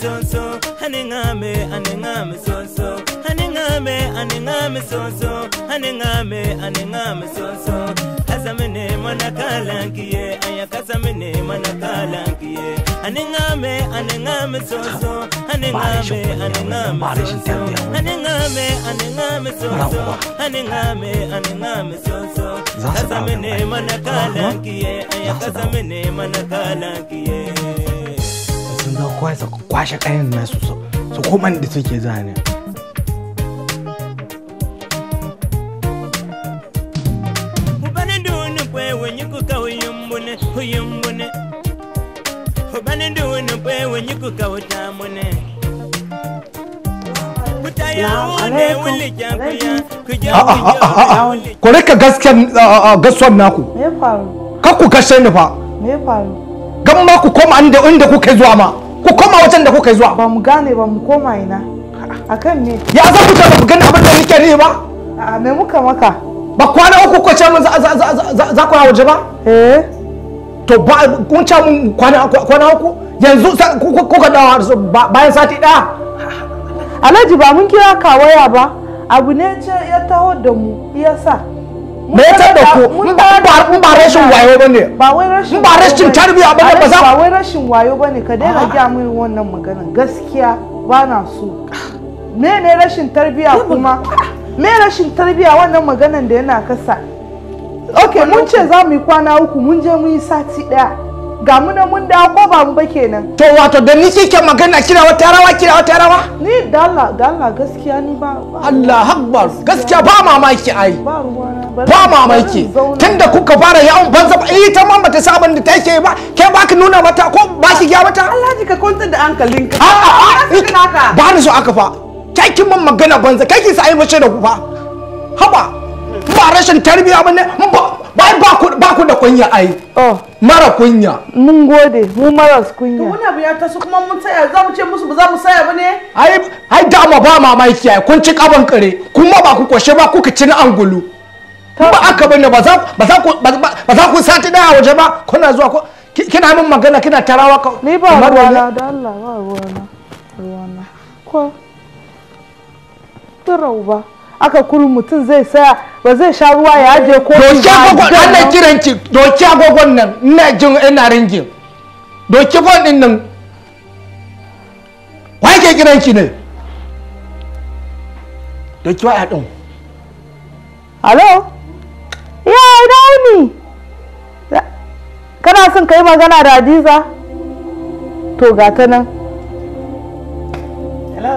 sonso aningame aningame sonso aningame aningame sonso aningame aningame sonso kasamene mwana kalankiye aya kasamene mwana aningame aningame sonso aningame aningame sonso aningame aningame sonso aningame aningame sonso kasamene mwana kalankiye aya kasamene za kowa kwashe kayan nasu su kuma da suke zane Ku rika gasken ah, ah, naku. Me faru? ku gashe ni fa. Me faru? Gan ma ku koma inda kuka zuwa ma. koma wajen da kuka zuwa ba mu gane ba mu koma ina akan me ya za ku ba mu gani abin da nake ne ba a me muka maka ba kwana uku ko ce mun za ku waje ba eh to ba kun ce mun kwana kwana uku yanzu kuka dawo bayan sati ɗaya? Alhaji ba mun kira kawaya ba abu ne ce ya taho da mu ya sa me ya tada ku in ba rashin wayo ba ne, rashin ba rashin tarbiyya tarbiya bane ba za ba wai rashin wayo bane ka daina gya min wannan maganan gaskiya ba na so me ne rashin tarbiyya kuma me rashin tarbiyya wannan maganan da yana kasa ok mun ce za mu yi kwana uku mun je mun yi sati daya ga mu mun dawo ko ba mu ba kenan to wato da ni kike magana kira wata rawa kira wata rawa ni da Allah da Allah gaskiya ni ba Allah akbar gaskiya ba mamaki ai ba mamaki tunda kuka fara yawon banza eh ta mamba ta saban da take ba ke ba ka nuna mata ko ba shi gya mata Allah ji ka kwanta da hankalinka a eh, ba ni so aka fa kakin man magana banza kake sai mace da ku fa haba ba rashin tarbiya ba ne ba Wai ba ku da kunya ai. Oh. Mara kunya. Mun gode, mu mara kunya. to Wani abu ya taso kuma mun tsaya za mu ce musu ba za mu tsaya ba ne? Ai ai dama ba mamaki ai kun ci kaban kare kuma ba ku koshe ba kuka ci na angulu. Ba aka bane ba za ba za ku ba za ku sati daya waje ba kuna zuwa ko kina min magana kina tarawa ka. Ni ba ruwana da Allah ba ruwana. Ruwana. Ko. Tarau aka kuru mutum zai saya ba zai sha ruwa ya aje ko doki agogon ana kiran ki doki agogon nan ina jin ina ringi doki agogon din nan wai ke kiran ki ne doki wa ya hello ya ina wuni kana son kai magana da Hadiza to ga ta nan hello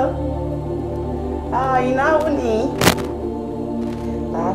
ah ina wuni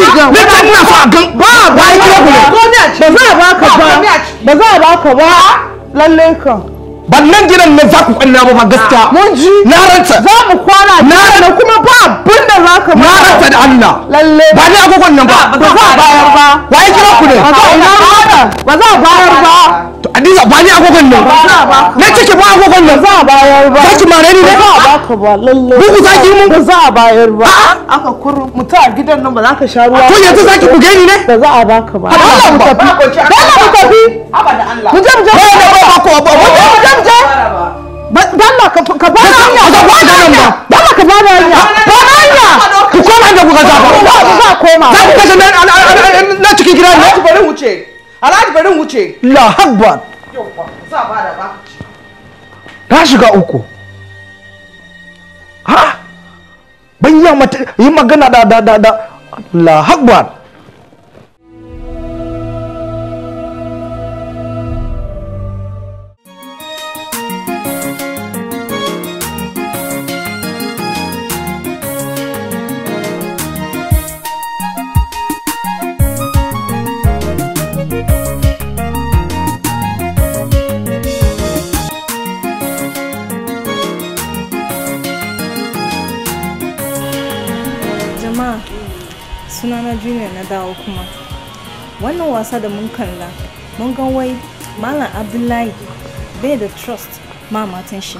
ne ta ina so a gan ba ba ba ba ba bannan gidan nan za ku kwanna ba gaskiya mun ji na ranta za mu kwana na ranta kuma ba abin da za ka na ranta da Allah lalle ba ni agogon nan ba ba za a bayar ba wa kira ku ne ba za a bayar ba to Adiza ba ni agogon nan na ciki ba agogon nan za a bayar ba mare ni ne ba ba ka ba lalle bugu mun ba za a bayar ba aka mutu a gidan nan ba za ka sha ruwa to yanzu zaki buge ni ne ba za a ba Allah mu tafi Allah mu tafi abada Allah mu je mu je ba ba ko ba ka ka ba hanya ka ba nan ba ka ba da hanya koma inda kuka zafa ba ku koma na cikin gidan ne bari wuce wuce la habba ta shiga uku ha ban yi magana da da da la habba dawo kuma wannan wasa da mun kalla mun ga wai malam abdullahi bai da trust ma matan shi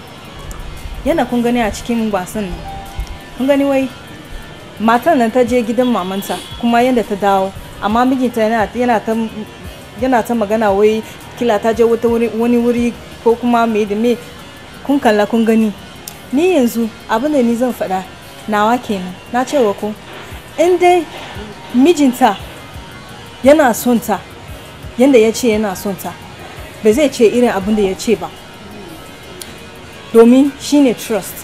yana kun gani a cikin wasan nan kun gani wai matan nan ta je gidan mamanta kuma yadda ta dawo amma mijinta yana ta magana wai kila ta je wata wani wuri ko kuma me da me kun kalla kun gani ni yanzu abin da ni zan faɗa nawa kenan na cewa ku in dai mijinta yana son ta yadda ya ce yana son ta ba zai ce irin abin da ya ce ba domin shine trust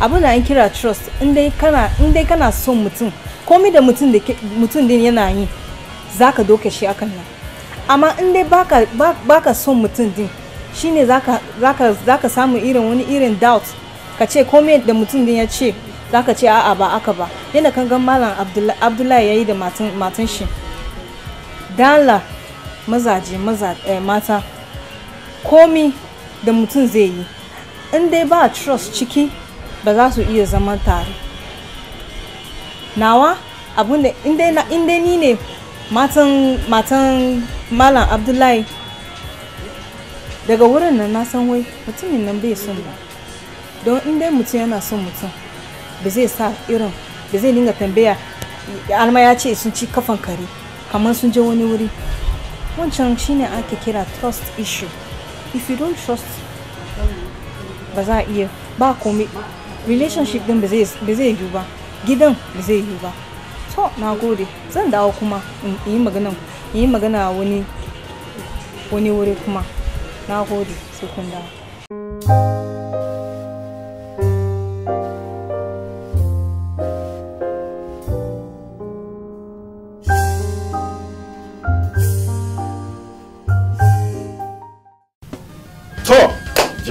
abin da an kira trust in dai kana son mutum komai da mutum din yana yi za ka doke shi akan nan amma in dai baka son mutum din shine za ka samu irin wani irin doubt ka ce komai da mutum din ya ce za ka ce a'a ba aka ba yana kan gan malam abdullahi ya yi da matan shi dala mazaje eh, mata komi da mutum zai yi in dai ba trust ciki ba za su iya zama tare nawa abu ne in dai ni ne matan malam abdullahi daga wurin nan na san wai mutumin nan bai son ba don in dai mutum yana son mutum ba zai sa irin ba zai dinga tambaya alma ya ce sun ci kafan kare kamar sun je wani wuri wancan shine ake kira trust issue if you don't trust ba za a iya ba komai relationship din ba zai yiwu ba gidan ba zai yiwu ba to na gode zan dawo kuma in yi magana yi magana wani wani wuri kuma na gode sai kun dawo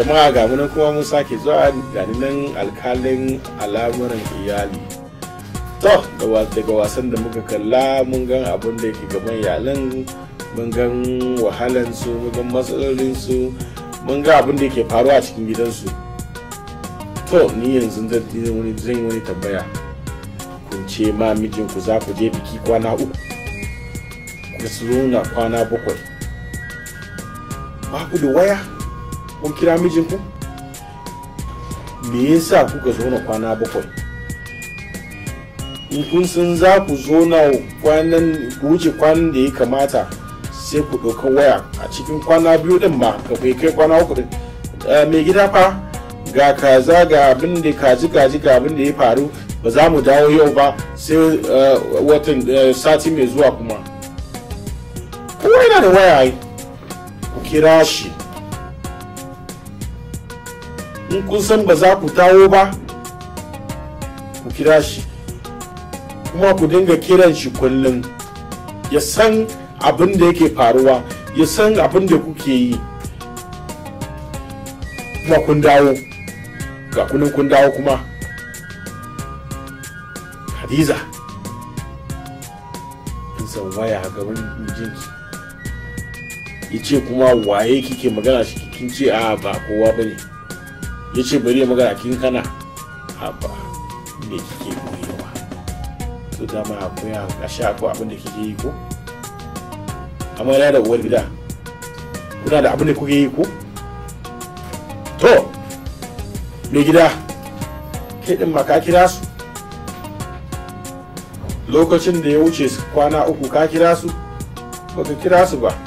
jama'a ga munan kuma mun sake zuwa ganinan nan alkalin al'amuran iyali to daga wasan da muka kalla mun gan abin da yake gaban yalin mun gan su mun gan matsalolinsu mun ga abin da yake faruwa a cikin gidansu to ni yanzu zan yi wani tambaya kun ce ma mijinku za ku je biki kwana uku ku na kwana bakwai ba ku da waya kun kira mijinku me yasa kuka zo na kwana bakwai in kun sun za ku zo na kwanan ku wuce kwanan da ya kamata sai ku ɗauka waya a cikin kwana biyu din ma ka kai kai kwana uku din? Eh, mai gida fa ga kaza ga abin da kaji kaji ga abin da ya faru ba za mu dawo yau ba sai eh, watan eh, sati mai zuwa kuma kowa yana da waya ku kira shi in kun san ba za ku tawo ba ku kira shi kuma ku dinga kiran shi kullum ya san abin da yake faruwa ya san abin da kuke yi kuma kun dawo ga kunin kun dawo kuma hadiza in san waya ga wani ya ce kuma waye kike magana shi kin ce a ba kowa ba ne ya ce bari ya magana kin kana haba me kike koyewa to dama akwai a sha akwai abin da kike yi ko amma yana da uwar gida kuna da abin da kuke yi ko to me gida ke din ma ka kira su lokacin da ya wuce kwana uku ka kira su baka kira su ba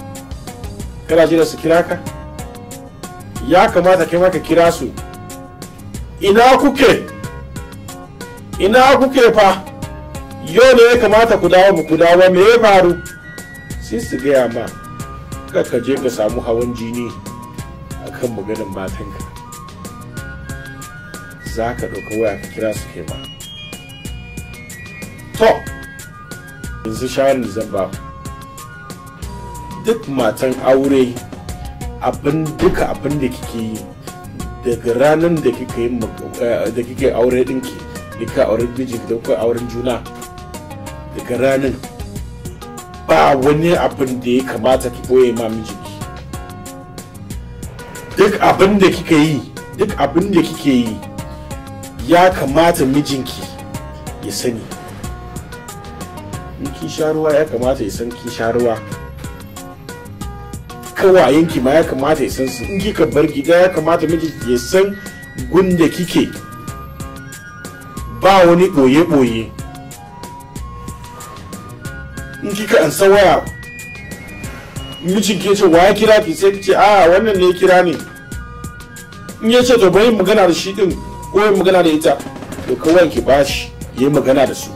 kana jira su kira ka ya kamata kai ma ka kira su ina kuke ina kuke fa yau ne ya kamata ku dawo ku dawo me ya faru sai su gaya ma ka je ka samu hawan jini kan maganin matanka za ka ɗauka waya ka kira su ke ma to yanzu shawarar da zan ba duk matan aure abin duka abin da kike yi daga ranar eh, da kika yi aure dinki da kika auren miji da kuka auren juna daga ranar ba wani abin da ya kamata ki boye ma mijinki duk abin da kika yi duk abin da kike yi ya kamata mijinki ya sani in kin sha ruwa ya kamata ya san kin sha ruwa yanki ma ya kamata ya san su in kika bar gida ya kamata miji ya san gunda kike ba wani ɓoye-ɓoye in kika an waya mijin ke ce wa ya kira ki sai ce a wannan ne ya kira ni. in ya ce to bai magana da shi din ko yin magana da ita to kawai ki bashi yi magana da su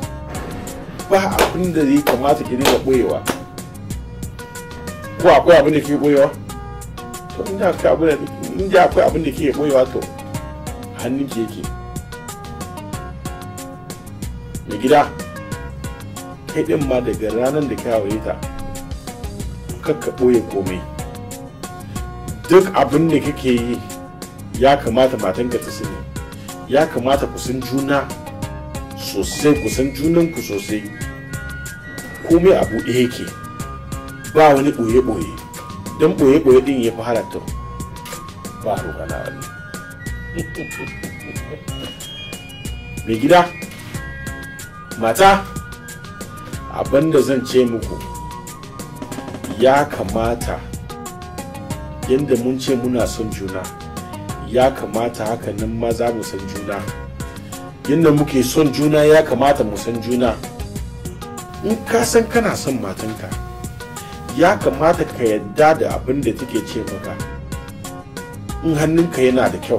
ba abin da zai kamata ki dinga ɓoyewa ko akwai abin da ke koyewa to in da akwai abin da ke koyewa to hannun ki yake da gida kai din ma daga ranar da ka haure ta kakka ɓoye komai duk abin da kake yi ya kamata matanka ta sani ya kamata kusan juna sosai kusan san junanku sosai komai abu buɗe yake ba wani ɓoye-ɓoye don ɓoye-ɓoye ɗin ya fi to ba na wani mai gida mata abinda zan ce muku ya kamata yadda mun ce muna son juna ya kamata nan maza mu san juna yadda muke son juna ya kamata mu san juna in ka san kana son matanka ya kamata ka yadda da abin da take ce maka in hannunka yana da kyau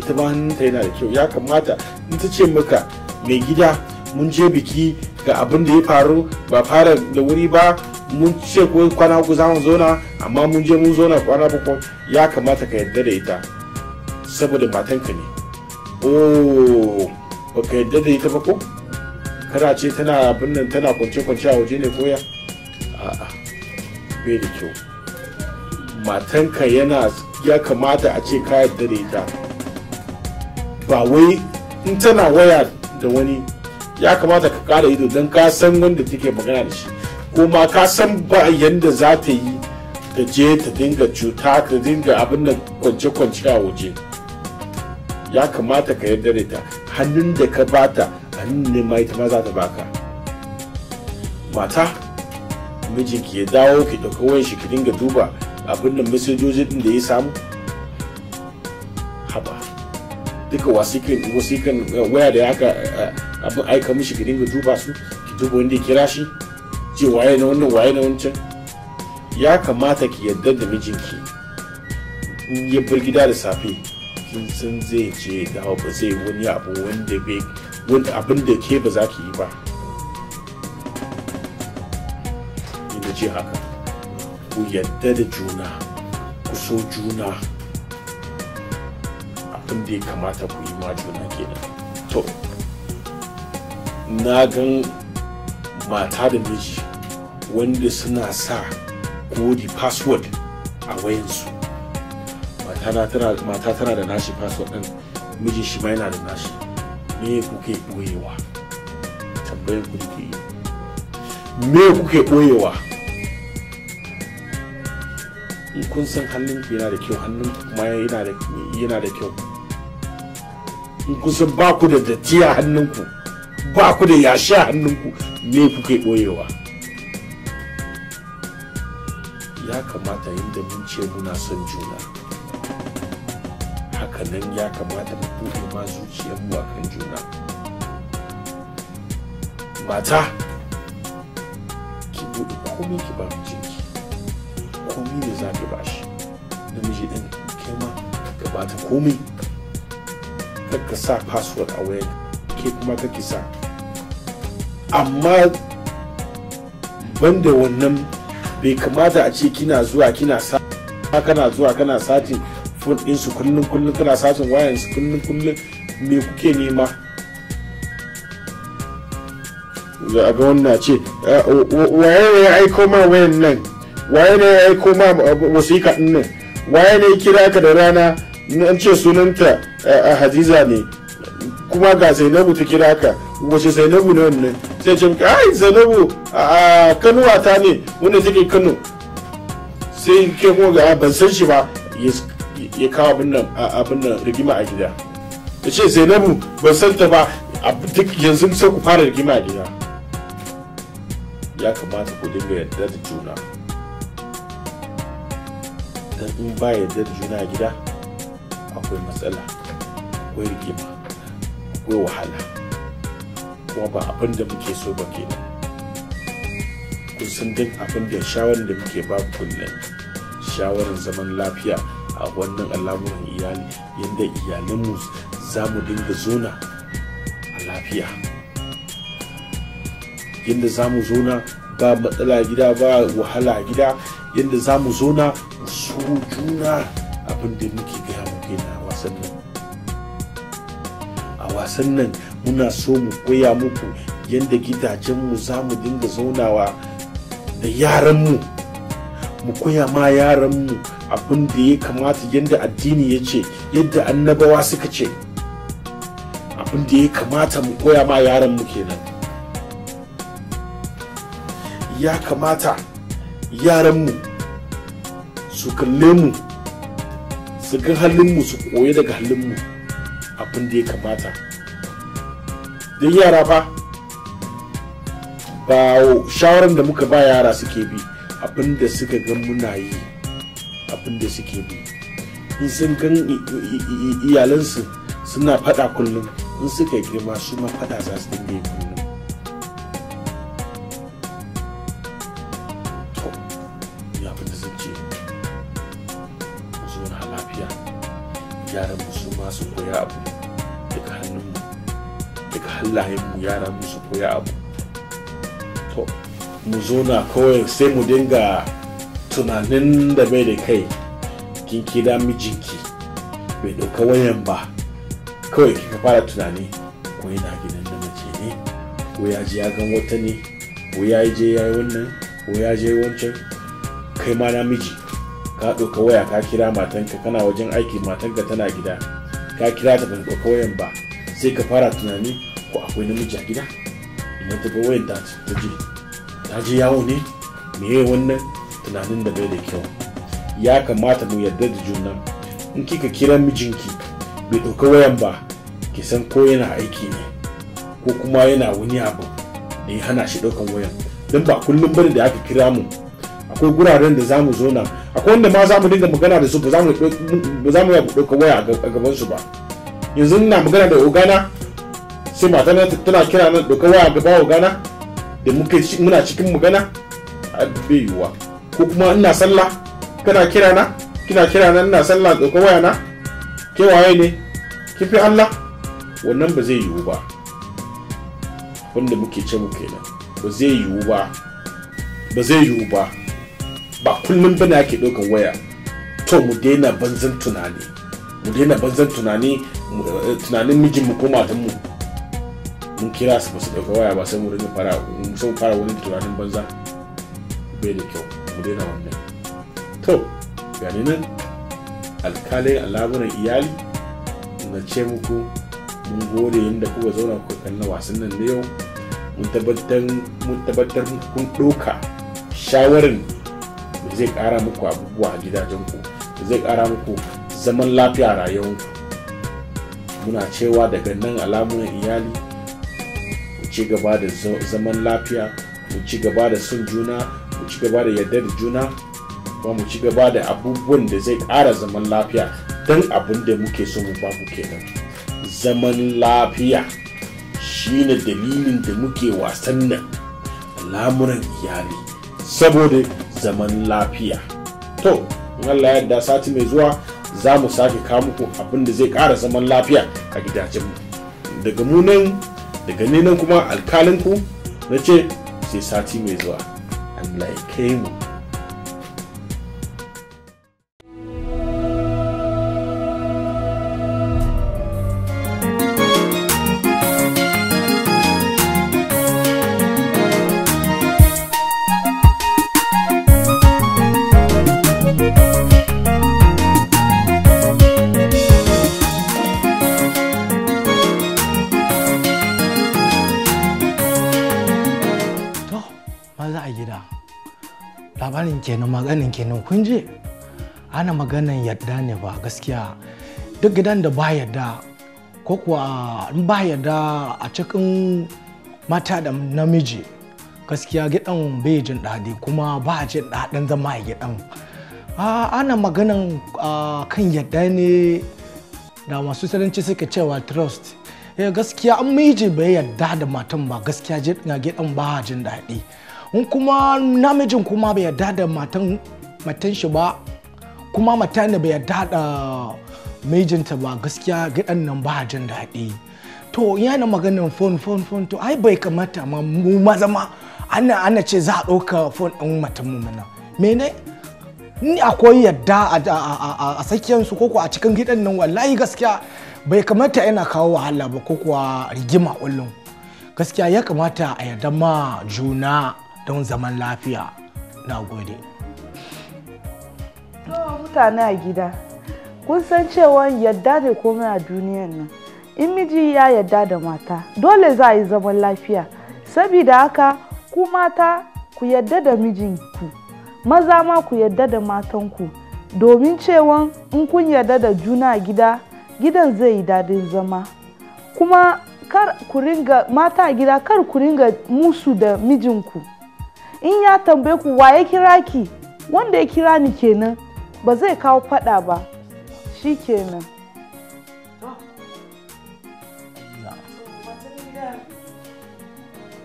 ita ba hannunta yana da kyau ya kamata in ta ce maka mai gida mun je biki ga abin da ya faru ba fara da wuri ba mun ce ko kwana uku za mu zona amma mun je mun zona kwana bakwai ya kamata ka yadda da ita saboda matanka ne oh ka yadda da ita ba ko kana ce tana abin nan tana kwance kwance a waje ne koya a'a bai da kyau matanka yana ya kamata a ce ka yadda da ita ba wai in tana waya da wani ya kamata ka kara ido don ka san wanda take magana da shi kuma ka san ba yadda za ta yi ta je ta dinga cuta ta dinga abin da kwance-kwance a waje ya kamata ka yarda da ita hannun da ka bata hannun ne ma ita ma za ta baka mata mijinki ya dawo ki ɗauka wayan shi ki dinga duba abin da mesajojin din da ya samu haba duka wasikan wasikan eh, waya da aka eh, abin aika mishi ki dinga duba su ki duba wanda ya kira shi ce waye na wannan waye na wancan ya kamata ki yarda da mijinki in ya bar gida da safe kin san zai je dawo ba zai wani abu wanda bai wanda abin da ke ba za ki yi ba ce haka ku yadda da juna ku so juna abin da ya kamata ku yi ma juna kenan to na gan mata da miji wanda suna sa kodi password a wayansu mata tana da nashi password din mijin shi ma yana da nashi me kuke ɓoyewa tambayar ku ke yi me kuke ɓoyewa in kun san hannunki yana da kyau hannun kuma yana da kyau in kun san ba ku da datti a hannunku ba ku da yashi a hannunku me kuke boyewa ya kamata inda mun ce muna son juna hakanan ya kamata mu buɗe ma zuciyarmu a kan juna mata ki buɗe komai ki ba mu komi da za ka ba shi namiji ɗin ke ma ka ba ta komi ka sa password a waya ke kuma kake sa amma banda wannan bai kamata a ce kina zuwa kina sa kana zuwa kana satin phone din su kullum kullum kana satin su kullum kullum me kuke nema za a ga wannan ce ah, waye ya aiko ma wayan nan waye ne ya yi koma wasiƙa ɗin nan waye ne kira ka da rana an ce sunanta a eh, eh, hadiza ne kuma ga zainabu ta kira ka wace zainabu ne wannan sai ce ka ai zainabu a kanuwa ta ne wanda take kano sai ke kuma ga ah, ban san shi ba ya kawo abin nan rigima a gida yace ce zainabu ban san ta ba duk yanzu sai ku fara rigima a gida ya kamata ku dinga yadda da juna idan in ba yadda da juna gida akwai matsala akwai rigima akwai wahala kuma ba abin da muke so ba kenan kun san duk abin da shawarar da muke ba kullum shawarar zaman lafiya a wannan al'amuran iyali yadda iyalanmu za mu dinga zona a lafiya yadda za mu zona ba matsala gida ba wahala gida yadda za mu zona mu juna abin da muke gaya muke na wasan nan a wasan nan muna so mu koya muku yadda gidajenmu za mu dinga zaunawa da yaranmu mu koya ma yaranmu abin da ya kamata yadda addini ya ce yadda annabawa suka ce abin da ya kamata mu koya ma mu kenan. ya kamata yaranmu su kalle mu su ga halinmu su koyi daga halinmu abin da ya kamata don yara fa ba shawaran da muka ba yara suke bi abin da suka gan muna yi abin da suke bi in sun gan iyalansu suna fada kullum in suka girma su ma fada za su dinga yi yaran mu su koya abu daga hannun mu daga hallayen mu yaran mu su koya abu to mu zo na kawai sai mu dinga tunanin da bai da kai kin da mijinki bai dauka wayan ba kawai kika fara tunani ko yana gidan da mace ne ko ya ji ya gan wata ne ko ya je ya yi wannan ko ya je wancan kai ma namiji ka ɗauka waya ka kira matanka kana wajen aiki matanka tana gida ka kira ta ɗauka koyan ba sai ka fara tunani ko akwai namiji a gida Ina ta ga wayan ta je ta je yawo ne me meye wannan tunanin da bai da kyau ya kamata mu yarda da juna in kika kira mijinki bai ɗauka wayan ba ki san ko yana aiki ne ko kuma yana wani abu da ya hana shi ɗaukan wayan don ba kullum bane da aka kira mu akwai guraren da za mu zo na akwai wanda ma za mu dinga magana da su ba za mu ɗauka waya a gaban su ba yanzu na magana da ogana sai mata na tana kira na ɗauka waya a gaban ogana da muna cikin magana a bayuwa ko kuma ina sallah kana kira na kina kira na ina sallah ɗauka waya na ke waye ne kifi Allah wannan ba zai yiwu ba wanda muke ce muke nan ba zai yiwu ba ba zai yiwu ba ba kullum bane ake ɗaukan waya to mu daina banzan tunani mu daina banzan tunani eh, tunanin mijin mu ko matan mu mun kira su ba su ɗauka waya ba sai mu rinka fara sai fara wani tunanin banza bai da kyau mu daina wannan to gani nan alkalin al'amuran iyali na ce muku mun gode yadda kuka zauna kuka na wasan nan na yau mun tabbatar mun tabbatar kun ɗauka shawarar zai kara muku abubuwa a gidajenku zai kara muku zaman lafiya rayuwarku muna cewa daga nan alamunan iyali ku ci gaba da zaman lafiya ku ci gaba da sun juna ku ci gaba da yarda da juna ba mu ci gaba da abubuwan da zai kara zaman lafiya don abin da muke so mu baku kenan zaman lafiya shine dalilin da muke wasan nan lamuran iyali saboda zaman lafiya to Allah yadda sati mai zuwa za mu sake kawo muku abin da zai kara zaman lafiya a mu daga munan daga nenan kuma alkalinku na ce sai sati mai zuwa Allah ya kai mu kenan maganin kenan kun je ana maganan yadda ne ba gaskiya duk gidan da ba yadda ko kuwa in ba yadda a cikin mata da namiji gaskiya gidan bai jin daɗi kuma ba jin daɗin zama a gidan ana maganan kan yadda ne da masu saranci suke cewa trust eh, gaskiya an miji bai yadda da matan ba gaskiya gidan ba jin daɗi in kuma namijin kuma bai yarda da matan shi ba kuma mata ne bai yarda da mijinta ba gaskiya gidan nan ba jin daɗi to yana maganin phone phone phone to ai bai kamata ma mu ma ma ana ana ce za a ɗauka phone ɗin matan mu mana mene ni akwai yadda a sakiyan su koko a cikin gidan nan wallahi gaskiya bai kamata yana kawo wahala ba ko rigima kullum gaskiya ya kamata a yarda ma juna don zaman lafiya na gode mutane a gida kun san cewa yadda da komai a duniyan nan in miji ya yadda da mata dole za a yi zaman lafiya sabida haka ku mata ku yadda da mijinku maza ma ku yadda da matanku domin cewa in kun yadda da juna a gida gidan zai yi dadin zama kuma kar ku ringa mata a gida kar ku ringa musu da mijinku in ya tambaye ku waye kira ki wanda ya kira ni kenan ba zai kawo fada ba shi kenan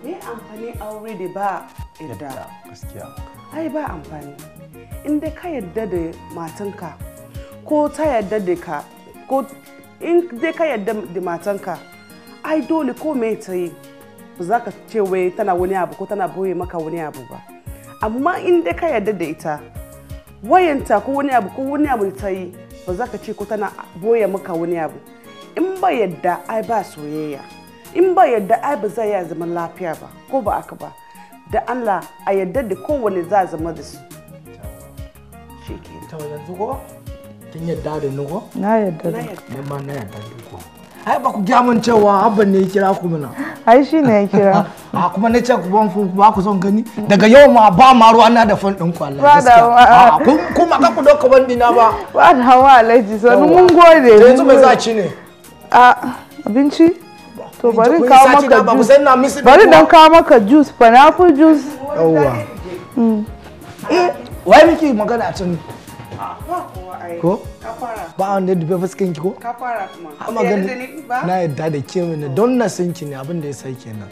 Ni amfani aure da ba yadda gaskiya ai ba amfani in dai ka yadda da matanka ko ta yadda da ka ko in dai ka yadda da matanka ai dole ko me ta yi ba za ka ce wai tana wani abu ko tana boye maka wani abu ba amma in dai ka yarda da ita wayanta ko wani abu ko wani abu ta yi ba za ka ce ko tana boye maka wani abu in ba yadda ai ba soyayya in ba yadda ai ba zai ya zama lafiya ba ko ba aka ba da Allah a yadda da kowane za a zama da su shi ke ta yanzu ko kin yadda da ni ko na yadda da ni na yadda da ko ai ba ku min cewa abban ne ya kira ku muna ai shi ne ya kira a kuma na ce ku ban fu ba ku son gani daga yau ma ba ma ruwa na da fun din ku Allah gaskiya kuma ka ku doka ban dina ba ba da hawa alaji so mun gode yanzu mai za ci ne a abinci to bari kawo maka juice bari dan kawo maka juice pineapple juice yawwa mm. eh, wai miki magana a can ko ba wanda dufe fuskan ki ko kafara kuma amma ganin na yadda da ke mini don na san ki ne abin da ya sai kenan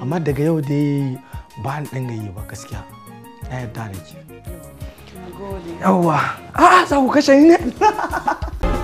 amma daga yau dai ba an dinga yi ba gaskiya na yadda da ke yawwa a ah, za ku kashe ni ne